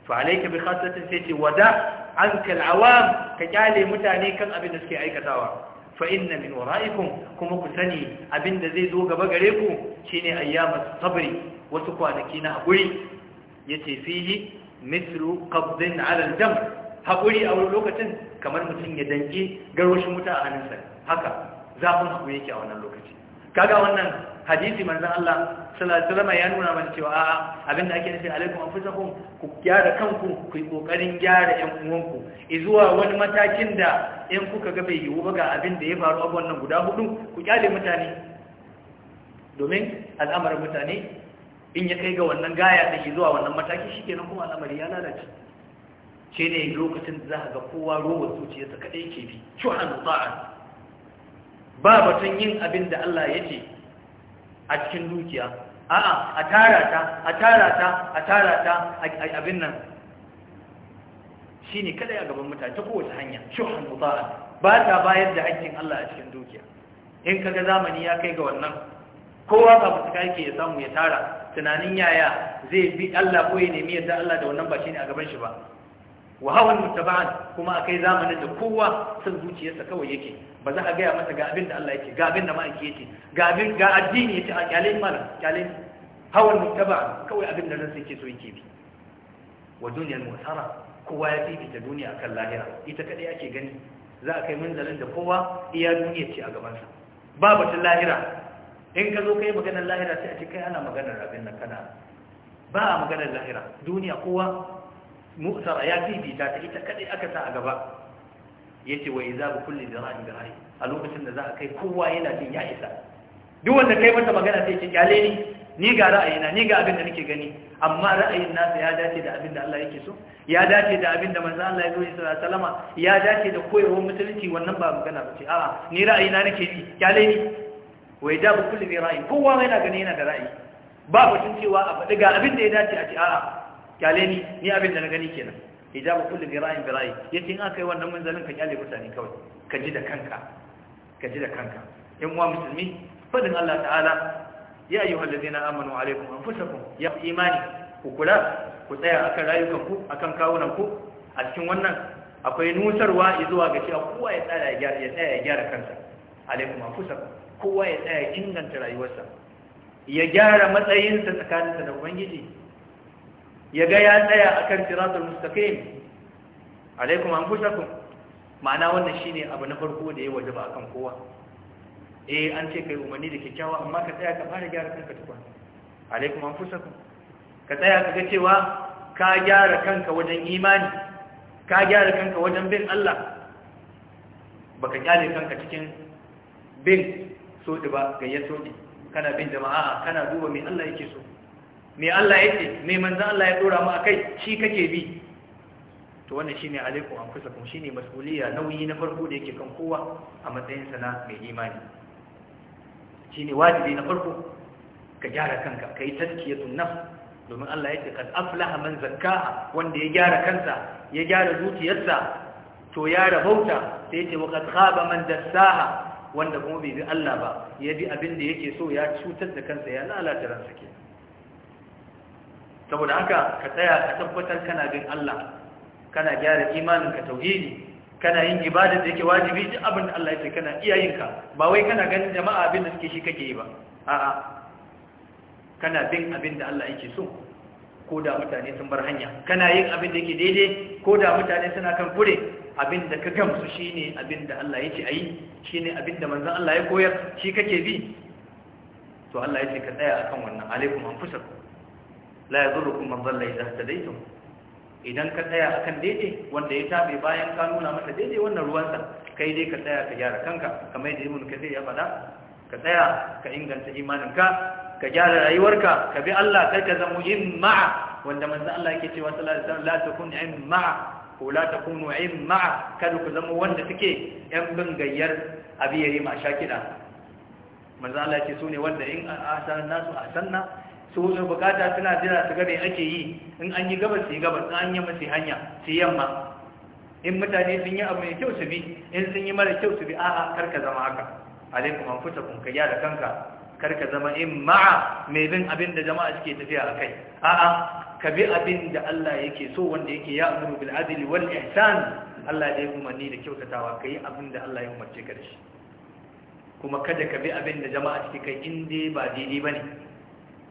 fa alayka bi khassati sai ce wada anka al'awam ka kyale mutane kan abin da suke aikatawa fa inna min wara'ikum kuma ku sani da zai zo gaba gare ku shine ayyamat sabri wasu kwanaki na hakuri yace fihi mithlu qabdin 'ala al-dam hakuri a wani lokacin kamar mutum ya danke garwashin wuta a hannunsa haka zafin hakuri yake a wannan lokaci kaga wannan hadisi manzan Allah sallallahu alaihi wasallam ya nuna mana cewa a'a abinda ake nufi alaikum anfusakum ku gyara kanku ku yi kokarin gyara ƴan uwanku zuwa wani matakin da in kuka ga bai yiwu ba ga abin da ya faru a wannan guda hudu ku kyale mutane domin al'amarin mutane in ya kai ga wannan gaya da zuwa wannan mataki kenan kuma al'amari ya lalace shi ne lokacin da za ga kowa rowar zuciyarsa kaɗai ke bi cuhan ta'an ba batun yin abin da Allah ya ce a cikin dukiya a'a a tara ta a tara ta a tara ta abin nan shine kada ya gaban mutane ta kowace hanya shuhan muta'a ba ta bayar da hakkin Allah a cikin dukiya in kaga zamani ya kai ga wannan kowa ba fuska yake ya samu ya tara tunanin yaya zai bi Allah ko ya nemi yadda Allah da wannan ba shine a gaban shi ba wa hawan mutaba'an kuma akai zamanin da kowa san zuciyarsa kawai yake ba za a gaya masa ga abin da Allah yake ga abin da ma'aiki yake ga abin ga addini yake a kyale mana kyale hawan mutaba'an kawai abin da nan sai yake so yake bi wa duniyar musara kowa ya ta duniya akan lahira ita kadai ake gani za a kai munzalin da kowa iya duniya ce a gabansa ba ta lahira in ka zo kai maganar lahira sai a ce kai ana maganar abin nan kana ba a maganar lahira duniya kowa mu'tara ya bibita ta ita kadai aka sa a gaba yace wa iza bi kulli dira'in rai? a lokacin da za a kai kowa yana jin ya isa duk wanda kai mata magana sai ce kyale ni ni ga ra'ayina ni ga abin da nake gani amma ra'ayin nasa ya dace da abin da Allah yake so ya dace da abin da manzo Allah ya zoye sallallahu alaihi wasallama ya dace da koyarwar mutunci wannan ba magana ba ce, a'a ni ra'ayina nake ji kyale ni wa iza bi kulli dira'in kowa yana gani yana da ra'ayi ba mutuncewa cewa a faɗi ga abin da ya dace a ce a'a kyale ni ni abin da na gani kenan hijabu kullu bira'in birayi. yace in aka yi wannan zalin ka kyale mutane kawai ka ji da kanka ka ji da kanka in wa musulmi fadin Allah ta'ala ya ayyuha allazina amanu alaikum anfusakum ya imani ku kula ku tsaya akan rayukanku akan kawunanku a cikin wannan akwai nusarwa zuwa ga cewa kowa ya tsaya ya tsaya ya gyara kansa alaikum anfusakum kowa ya tsaya inganta rayuwarsa ya gyara matsayinsa tsakaninsa da ubangiji ya ga ya tsaya a kan siratul mustaqim alaikum anfusakum ma'ana wannan ne abu na farko da ya wajaba kan kowa eh an ce kai umarni da kyakkyawa amma ka tsaya ka fara gyara kanka tukun alaikum anfusakum ka tsaya ka ga cewa ka gyara kanka wajen imani ka gyara kanka wajen bin Allah baka kyale kanka cikin bin sodi ba gayyato ne kana bin jama'a kana duba me Allah yake so me Allah ya ce me manzan Allah ya dora mu akai shi kake bi to wannan shine alaikum kuma shine mas'uliyya nauyi na farko da yake kan kowa a matsayin na mai imani shine wajibi na farko ka gyara kanka kai tazkiyatun nafs domin Allah ya ce kad aflaha man zakkaha wanda ya gyara kansa ya gyara zuciyarsa to ya rabauta sai yace waqad khaba man dassaha wanda kuma bai bi Allah ba ya bi abin da yake so ya cutar da kansa ya lalata ransa kenan saboda haka ka tsaya ka tabbatar kana bin Allah kana gyara imanin ka tauhidi kana yin ibada da yake wajibi duk abin da Allah ya ce kana iya yinka. ba wai kana ganin jama'a abin da suke shi kake yi ba a'a kana bin abin da Allah yake so ko da mutane sun bar hanya kana yin abin da yake daidai ko da mutane suna kan kure abin da ka gamsu shine abin da Allah yake ayi shine abin da manzon Allah ya koyar shi kake bi to Allah yake ka tsaya akan wannan alaikum anfusakum la yadurukum man dhalla idha ihtadaytum idan ka tsaya akan daidai wanda ya tabe bayan ka nuna masa daidai wannan ruwansa kai dai ka tsaya ka gyara kanka kamar yadda ibnu kathir ya faɗa ka tsaya ka inganta imaninka ka gyara rayuwarka ka bi Allah kai ka zama yin ma'a wanda manzo Allah yake cewa sallallahu alaihi wasallam la takun yin ma'a ko la takunu yin ma'a kada ku zama wanda suke yan bin gayyar abiyari ma shakida manzo Allah yake sune wanda in ahsana nasu ahsanna su wuce bukata suna jira su gabe ake yi in an yi gabas su yi gabas in an yi masu hanya su yamma in mutane sun yi abu mai kyau su bi in sun yi mara kyau su bi a'a karka zama haka alaikum an fita kun ka gyara kanka karka zama in ma'a mai bin abin da jama'a suke tafiya a kai a'a ka bi abin da Allah yake so wanda yake ya amuru bil adli wal ihsan Allah ya umarni da kyautatawa yi abin da Allah ya umarce ka da shi kuma kada ka bi abin da jama'a suke kai in dai ba daidai ne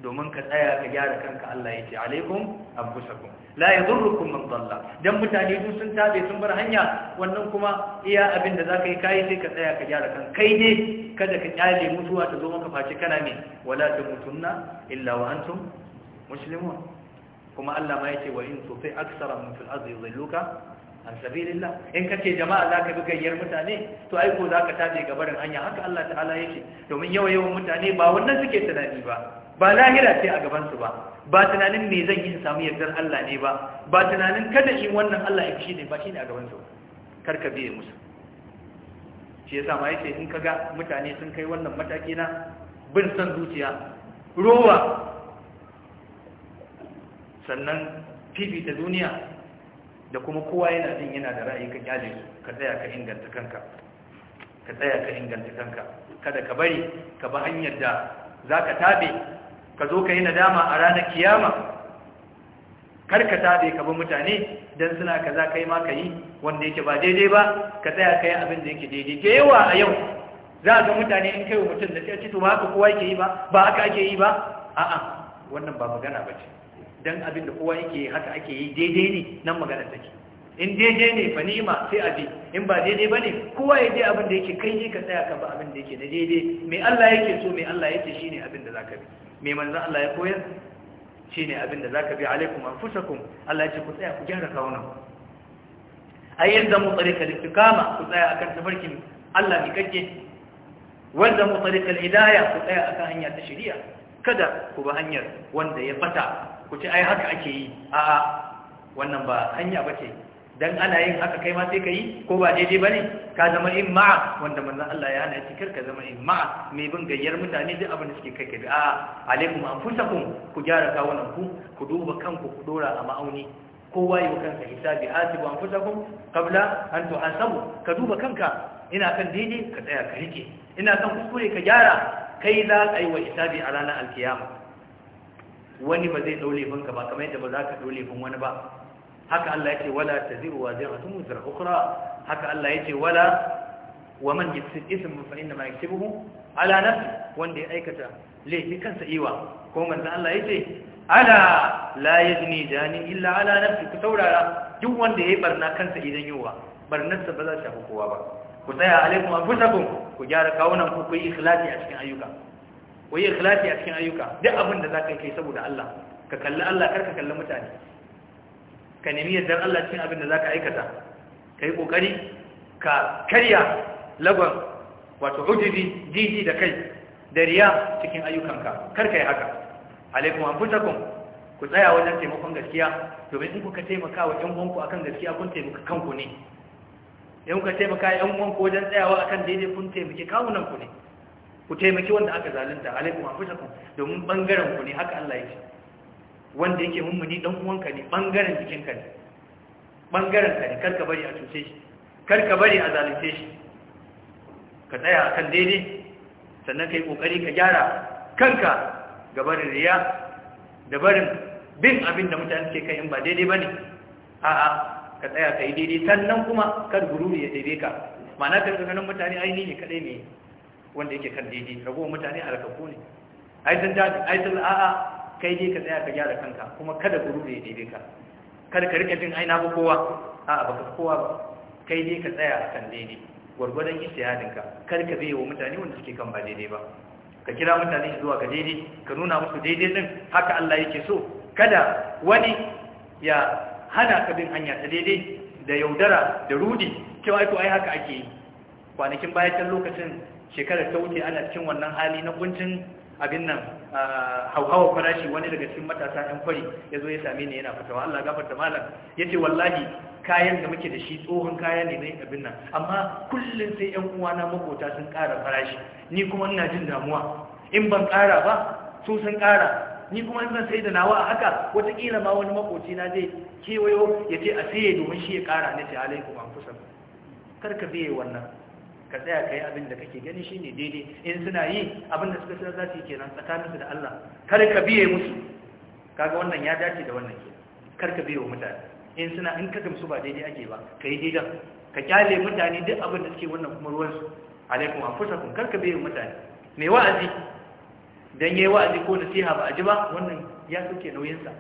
domin ka tsaya ka gyara kanka Allah ya ce alaikum anfusakum la yadurrukum man dalla dan mutane duk sun tabe sun bar hanya wannan kuma iya abin da zaka yi kai sai ka tsaya ka gyara kanka kai ne kada ka kyale mutuwa ta zo maka face kana me wala tamutunna illa wa antum muslimun kuma Allah ma yace wa in tufi aksara min fil ardi yudilluka an sabilillah in kace jama'a zaka bi gayyar mutane to ai ko zaka tabe gabarin hanya haka Allah ta'ala yake domin yawa yawan mutane ba wannan suke tunani ba ba lahira ce a gabansu ba ba tunanin me zan yi in samu yardar Allah ne ba ba tunanin kada shi wannan Allah ya shi ne ba shi ne a gabansu kar ka biye musu shi yasa ma yace in kaga mutane sun kai wannan mataki na bin san zuciya rowa sannan ta duniya da kuma kowa yana jin yana da ra'ayi ka kyale su ka tsaya ka inganta kanka ka tsaya ka inganta kanka kada ka bari ka ba hanyar da za ka tabe ka zo ka yi nadama a ranar kiyama karkata da ka bi mutane don suna kaza kai ma ka yi wanda yake ba daidai ba ka tsaya ka yi abin da yake daidai da yawa a yau za a ga mutane in kai wa mutum da sai to ba haka kowa yake yi ba ba haka ake yi ba a'a wannan ba magana ba ce don abin da kowa yake haka ake yi daidai ne nan magana take in daidai ne fa nima sai bi. in ba daidai bane kowa ya je abin da yake kai ne ka tsaya ka ba abin da yake na daidai me Allah yake so me Allah yake shine abin da zaka bi mai manzan Allah ya koyar shi ne abin da za ka bi alaikum an fusakun Allah ya ce ku tsaya ku gyara kawunan ai yin zamo tsarika ku tsaya akan tafarkin Allah mai kake wanda mu tsarika hidaya ku tsaya akan hanya ta shari'a kada ku ba hanyar wanda ya fata ku ce ai haka ake yi a'a wannan ba hanya bace dan ana yin haka kai ma sai ka yi ko ba daidai ba ne ka zama in ma'a wanda manzan Allah ya hana cikar ka zama in ma'a Me bin gayyar mutane duk abin da suke kai kai a alaikum anfusakum ku gyara kawunan ku ku duba kanku ku dora a ma'auni kowa yi wa hisabi asibu an fusa kabla an tuhasabu ka duba kanka ina kan daidai ka tsaya ka rike ina kan kuskure ka gyara kai za ka yi wa hisabi a ranar alkiyama wani ba zai ɗaule ka ba kamar yadda ba za ka ɗaule wani ba haka Allah yake wala taziru waziratun wizra ukhra haka Allah yake wala wa man yaksib isman fa inna ma yaksubuhu ala nafsi wanda ya aikata laifi kansa iwa ko manzo Allah yake ala la yazni jani illa ala nafsi ku taurara duk wanda yayi barna kansa idan yiwa barnarsa ba za ta shafi kowa ba ku tsaya alaikum anfusakum ku gyara kawunan ku ku yi ikhlasi a cikin ayyuka ku yi ikhlasi a cikin ayyuka duk abin da zaka kai saboda Allah ka kalli Allah karka kalli mutane ka nemi yardar Allah cikin abin da ka aikata ka yi ƙoƙari, ka karya lagon wato hujjiji jiji da kai da riya cikin ayyukanka kar yi haka alaikum anfusakum ku tsaya wajen taimakon gaskiya domin in kuka taimaka wa ƴan uwanku akan gaskiya kun taimaka kanku ne in kuka taimaka ƴan uwanku wajen tsayawa akan daidai kun taimaki kawunan ku ne ku taimaki wanda aka zalunta alaikum anfusakum domin bangaren ku ne haka Allah ce wanda yake mummuni dan uwanka ne bangaren ka ne bangaren ka ne karka bari a cuce shi karka bari a zalunce shi ka tsaya akan daidai sannan kai kokari ka gyara kanka ga barin riya da barin bin abin da mutane ke kai in ba daidai bane a'a ka tsaya kai daidai sannan kuma kar gururi ya daidai ka ma'ana kan ganin mutane aini ne kadai ne wanda yake kan daidai ragowar mutane a ne ai ta daɗi a'a kai dai ka tsaya ka gyara kanka kuma kada gurbe ya daidai ka kada ka rika jin aina ba kowa a'a baka kowa ba kai dai ka tsaya a kan daidai gwargwadon ka kada ka bai wa mutane wanda suke kan ba daidai ba ka kira mutane zuwa ka daidai ka nuna musu daidai din haka Allah yake so kada wani ya hana ka bin hanya ta daidai da yaudara da rudi cewa ai ko ai haka ake kwanakin bayan lokacin shekarar ta wuce ana cikin wannan hali na kuncin abin nan hauhawar farashi wani daga cikin matasa ɗan kwari ya zo ya same ni yana fatawa Allah gafarta malam ya ce wallahi kayan da muke da shi tsohon kaya ne na abin nan amma kullum sai ‘yan uwana makota sun ƙara farashi ni kuma ina jin damuwa in ban ƙara ba su sun ƙara ni kuma in zan sai da nawa a haka wataƙila ma wani makoci na zai kewayo ya ce a saye domin shi ya ƙara ne ce alaikum an kusa kar ka biye wannan ka tsaya ka yi abin da kake gani shine daidai in suna yi abin da suka sa za su yi kenan tsakaninsu da Allah kar ka biye musu kaga wannan ya dace da wannan ke kar ka biye wa mutane in suna in ka gamsu ba daidai ake ba ka yi daidan ka kyale mutane duk abin da suke wannan kuma ruwansu alaikum kun kar ka biye wa mutane mai wa'azi dan yayi wa'azi ko nasiha ba a ji ba wannan ya sauke nauyinsa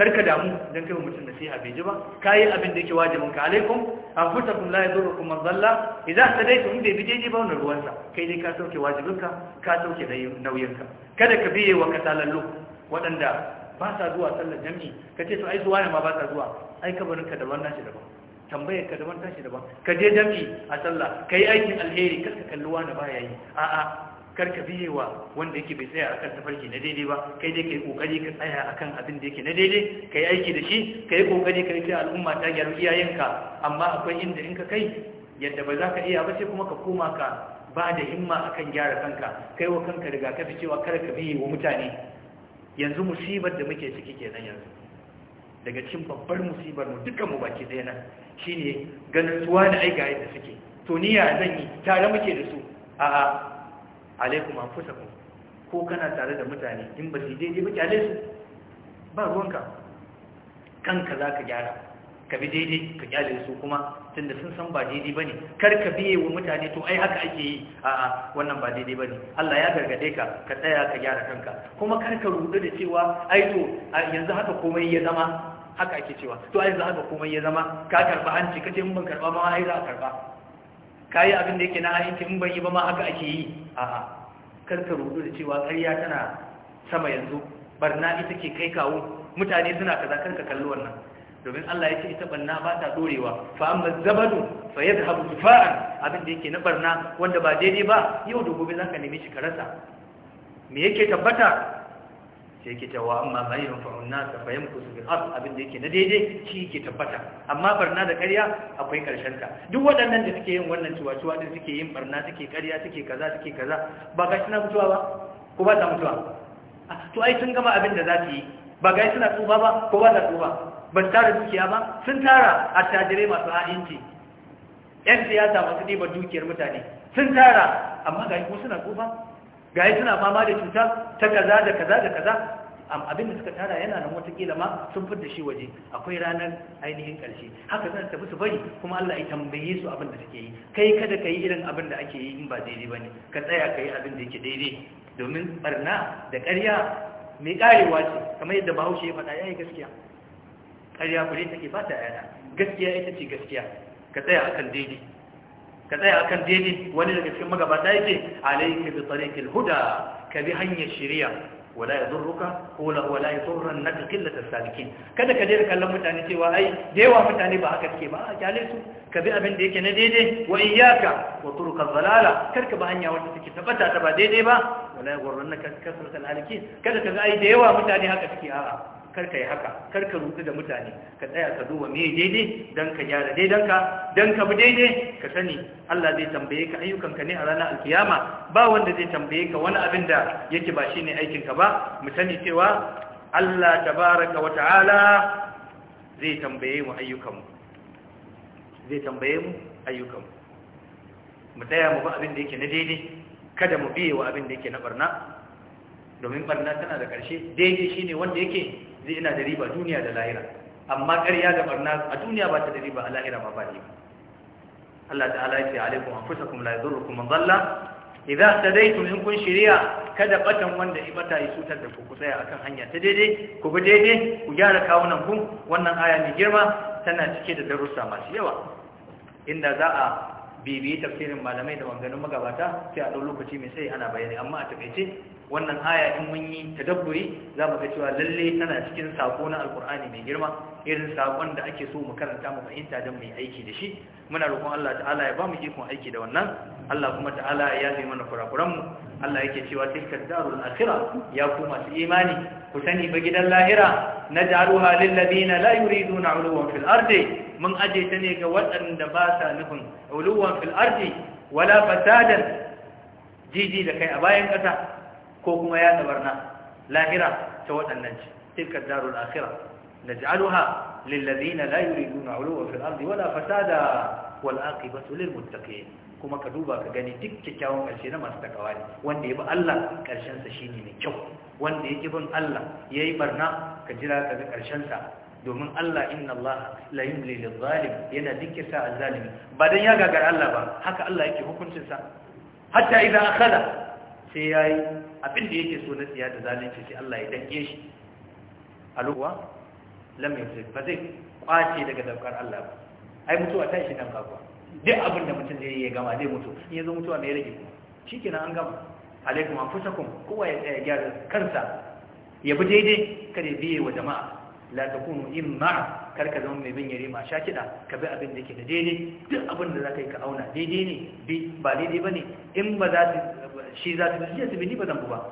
karka damu don kai mutum nasiha bai ji ba kayi abin da yake wajibin ka alaikum anfusakum la yadurrukum man dhalla idza tadaytum bi bijiji ba wannan ruwansa kai dai ka sauke wajibinka ka sauke nauyinka kada ka biye wa katalallu waɗanda ba sa zuwa sallar jami'i ka ce su ai zuwa ne ma ba sa zuwa ai kabarinka daban nashi daban tambayar ka daban tashi daban ka je jami'i a sallah kai aikin alheri kar ka kalli wani ba yayi a'a karka biye wa wanda yake bai tsaya akan tafarki na daidai ba kai dai kai kokari ka tsaya akan abin da yake na daidai kai aiki da shi kai kokari ka rike al'umma ta gyaru iyayenka amma akwai inda in ka kai yadda ba za ka iya ba sai kuma ka koma ka ba da himma akan gyara kanka kai wa kanka riga fi cewa kar ka biye wa mutane yanzu musibar da muke ciki kenan yanzu daga cikin babbar musibar mu dukkan mu baki ɗaya nan shine ganin tuwa da aiga yadda suke to niyya zan yi tare muke da su a'a alaikum anfusakum ko kana tare da mutane in ba su daidai ba kyale su ba ruwanka kanka za ka gyara ka bi daidai ka kyale su kuma tun da sun san ba daidai ba ne kar ka biye wa mutane to ai haka ake yi a'a wannan ba daidai ba ne Allah ya gargade ka ka tsaya ka gyara kanka kuma kar ka rudu da cewa ai to yanzu haka komai ya zama haka ake cewa to ai yanzu haka komai ya zama ka karba hanci kace mun ban karba ma ai za ka karba kayi abin da yake na aiki in bai yi ba ma haka ake yi a karka rudu da cewa karya tana sama yanzu barna ita ke kai kawo mutane suna kaza kar ka kalli wannan domin Allah ya ce ita barna ba ta dorewa fa amma zabadu fa yadhhabu tufa'an abin da yake na barna wanda ba daidai ba yau da gobe zaka nemi shi ka rasa me yake tabbata sai ke cewa amma ghayrun fa'un nas ta yamkusu bil ard abin da yake na daidai shi ke tabbata amma barna da ƙarya akwai karshen ta duk waɗannan da suke yin wannan ciwaciwa da suke yin barna suke ƙarya suke kaza suke kaza ba ga suna mutuwa ba ko ba ta mutuwa ah, to ai sun gama abin da za su yi ba ga suna tsufa ba ko ba ta tsufa ba tara dukiya ba sun tara attajirai masu ha'inci yan siyasa masu ɗiba dukiyar mutane sun tara amma ga kuma suna tsufa Ga gayi suna fama da cuta ta kaza da kaza da kaza abin da suka tara yana nan watakila ma sun fi da shi waje akwai ranar ainihin ƙarshe haka zan tafi su bari kuma Allah ya tambaye su abin da suke yi kai kada ka yi irin abin da ake yi in ba daidai ba ne ka tsaya ka yi abin da yake daidai domin barna da ƙarya mai ƙarewa ce kamar yadda bahaushe ya faɗa ya yi gaskiya ƙarya kure take ba ta yana gaskiya ita ce gaskiya ka tsaya akan daidai ka tsaya kan daidai wani daga cikin magabata yake alayka bi tariqil huda ka bi hanyar shari'a wala yadurruka wala wala yadurrunka qillatu salikin kada ka dai kallon mutane cewa ai da yawa mutane ba haka suke ba a kyale su ka bi abin da yake na daidai wa iyyaka wa turuka dhalala karka ba hanya wacce take tabbata ta ba daidai ba wala yadurrunka kasratu halikin kada ka ga ai da yawa mutane haka suke a'a karka yi haka karka rutu da mutane ka tsaya ka duba me daidai don ka gyara daidanka don ka bi daidai ka sani Allah zai tambaye ka ayyukanka ne a ranar alkiyama ba wanda zai tambaye ka wani abin da yake ba shine aikinka ba mu sani cewa Allah tabaraka wa ta'ala zai tambaye mu mu zai tambaye mu ayyukanmu mu tsaya mu ba abin da yake na daidai kada mu biye wa abin da yake na barna domin barna tana da ƙarshe daidai shine wanda yake zai ina da riba duniya da lahira amma ƙarya da barna a duniya ba ta da riba a lahira ma ba riba Allah ta'ala ya yake alaikum anfusakum la yadurrukum man dhalla idza tadaytum in kun shirya kada batan wanda ibata yi cutar da ku ku a akan hanya ta daidai ku bi daidai ku gyara kawunan ku wannan aya mai girma tana cike da darussa masu yawa inda za a bibiyi tafsirin malamai da maganganun magabata sai a ɗau lokaci mai sai ana bayani amma a taƙaice wannan aya in mun yi tadabburi za mu ga cewa lalle tana cikin sako na alkur'ani mai girma irin sakon da ake so mu karanta mu fahimta don mu yi aiki da shi muna roƙon Allah ta'ala ya ba mu ikon aiki da wannan Allah kuma ta'ala ya zai mana kurakuran mu Allah yake cewa tilka darul akhirah ya ku masu imani ku sani ba gidan lahira naj'aluha lil ladina la yuriduna 'uluwan fil ardi mun aje ta ne ga waɗanda ba sa nufin 'uluwan fil ardi wala fasadan jiji da kai a bayan ƙasa ko kuma ya tabarna lahira ta waɗannan ce tilka darul akhirah naj'aluha lil la yuriduna 'uluwa fil ardi wala fasada wal aqibatu lil muttaqin kuma ka duba ka gani duk kyakkyawan karshe na masu takawa ne wanda ya bi Allah karshen sa shine mai kyau wanda ya bin Allah yayi barna ka jira ka ga karshen sa domin Allah inna Allah la yumli lil zalim yana dikirta al-zalimi ba dan ya gagar Allah ba haka Allah yake hukuncin sa hatta idan akala sai yayi abin da yake so na siya da zalunci sai Allah ya danke shi alwa lam yusib ba zai kwace daga daukar Allah ba ai mutuwa ta shi dan kakuwa duk abin da mutum zai yi gama zai mutu in ya zo mutuwa ne ya rage kenan an gama alaikum anfusakum kowa ya tsaya gyara kansa ya bi daidai kada ya biye wa jama'a la takunu imma kar ka zama mai bin yare ma sha kiɗa ka bi abin da ke da daidai duk abin da za ka yi ka auna daidai ne ba daidai ba ne in ba za su shi za su ji su bi ni ba zan bu ba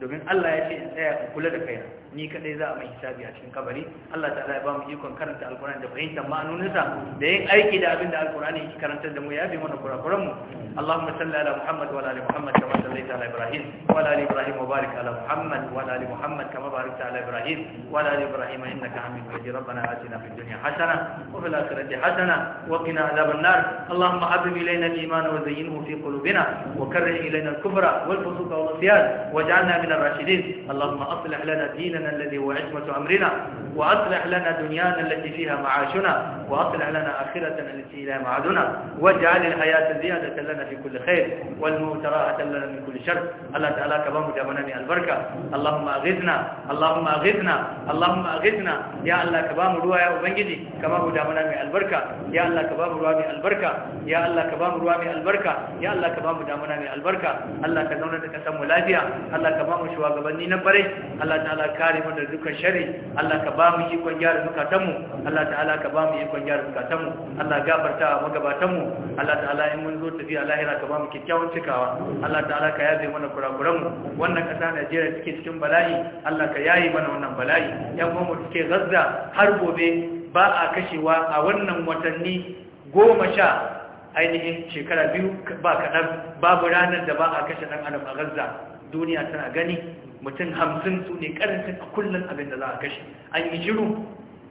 domin Allah ya ce in tsaya in kula da kaina ni kadai za a mai hisabi a cikin kabari Allah ta'ala ya ba mu ikon karanta alkur'ani da fahimtar ma'anoninsa da yin aiki da abin da alkur'ani yake karanta da mu ya bi mana kurakuran mu Allahumma salli ala Muhammad wa ala Muhammad kama sallaita ala Ibrahim wa ala Ibrahim wa barik ala Muhammad wa ala Muhammad kama barakta ala Ibrahim wa ala ali Ibrahim innaka Hamidum Majid ربنا آتنا في الدنيا حسنة وفي الآخرة حسنة وقنا عذاب النار اللهم حبب إلينا الإيمان وزينه في قلوبنا وكره إلينا الكفر والفسوق والعصيان واجعلنا من الراشدين اللهم أصلح لنا ديننا ديننا الذي هو عصمة أمرنا وأصلح لنا دنيانا التي فيها معاشنا وأصلح لنا آخرتنا التي إلى معادنا واجعل الحياة زيادة لنا في كل خير والموت راحة لنا من كل شر الله تعالى كبام جابناني البركة اللهم أغثنا اللهم أغثنا اللهم أغثنا يا الله كبام رواية وبنجدي كبام جابناني البركة ya Allah ka bamu ruwa mai albarka ya Allah ka bamu ruwa mai albarka ya Allah ka bamu damuna mai albarka Allah ka zauna da kasan mu lafiya Allah ka bamu shugabanni na bare Allah ta'ala kare mu da dukkan sharri Allah ka bamu ikon gyara zukatan mu Allah ta'ala ka bamu ikon gyara zukatan mu Allah gafarta magabatan mu Allah ta'ala in mun zo tafiya lahira ka bamu kikkiawan cikawa Allah ta'ala ka yabe mana kurakuran mu wannan kasa Najeriya take cikin bala'i Allah ka yayi mana wannan bala'i yan mu suke gazza har gobe ba a kashewa a wannan watanni goma sha ainihin shekara biyu ba kaɗan babu ranar da ba a kashe ɗan adam a gaza duniya tana gani mutum hamsin su ne ƙarancin a kullum abin da za a kashe an yi shiru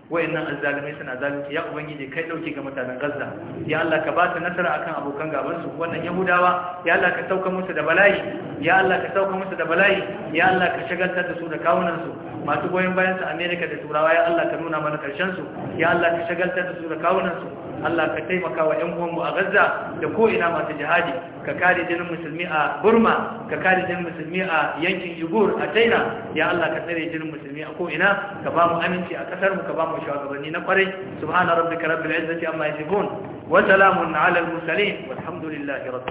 wayannan azzalumai suna zalunci ya ubangiji kai dauke ga mutanen Gaza ya Allah ka ba ta nasara akan abokan gaban su wannan Yahudawa ya Allah ka sauka musu da bala'i ya Allah ka sauka musu da bala'i ya Allah ka shagaltar da su da kawunan su masu goyon bayan su Amerika da Turawa ya Allah ka nuna mana karshen su ya Allah ka shagaltar da su da kawunan su Allah ka taimaka wa ƴan uwanmu a Gaza da ko ina masu jihadi ka kare jinin musulmi a Burma ka kare jinin musulmi a yankin Yugur a China ya Allah ka tsare jinin musulmi a ko ina ka ba mu aminci a kasar mu ka ba mu shugabanni na kwarai subhana rabbika rabbil izzati amma yasifun wa salamun ala al mursalin walhamdulillahi rabbil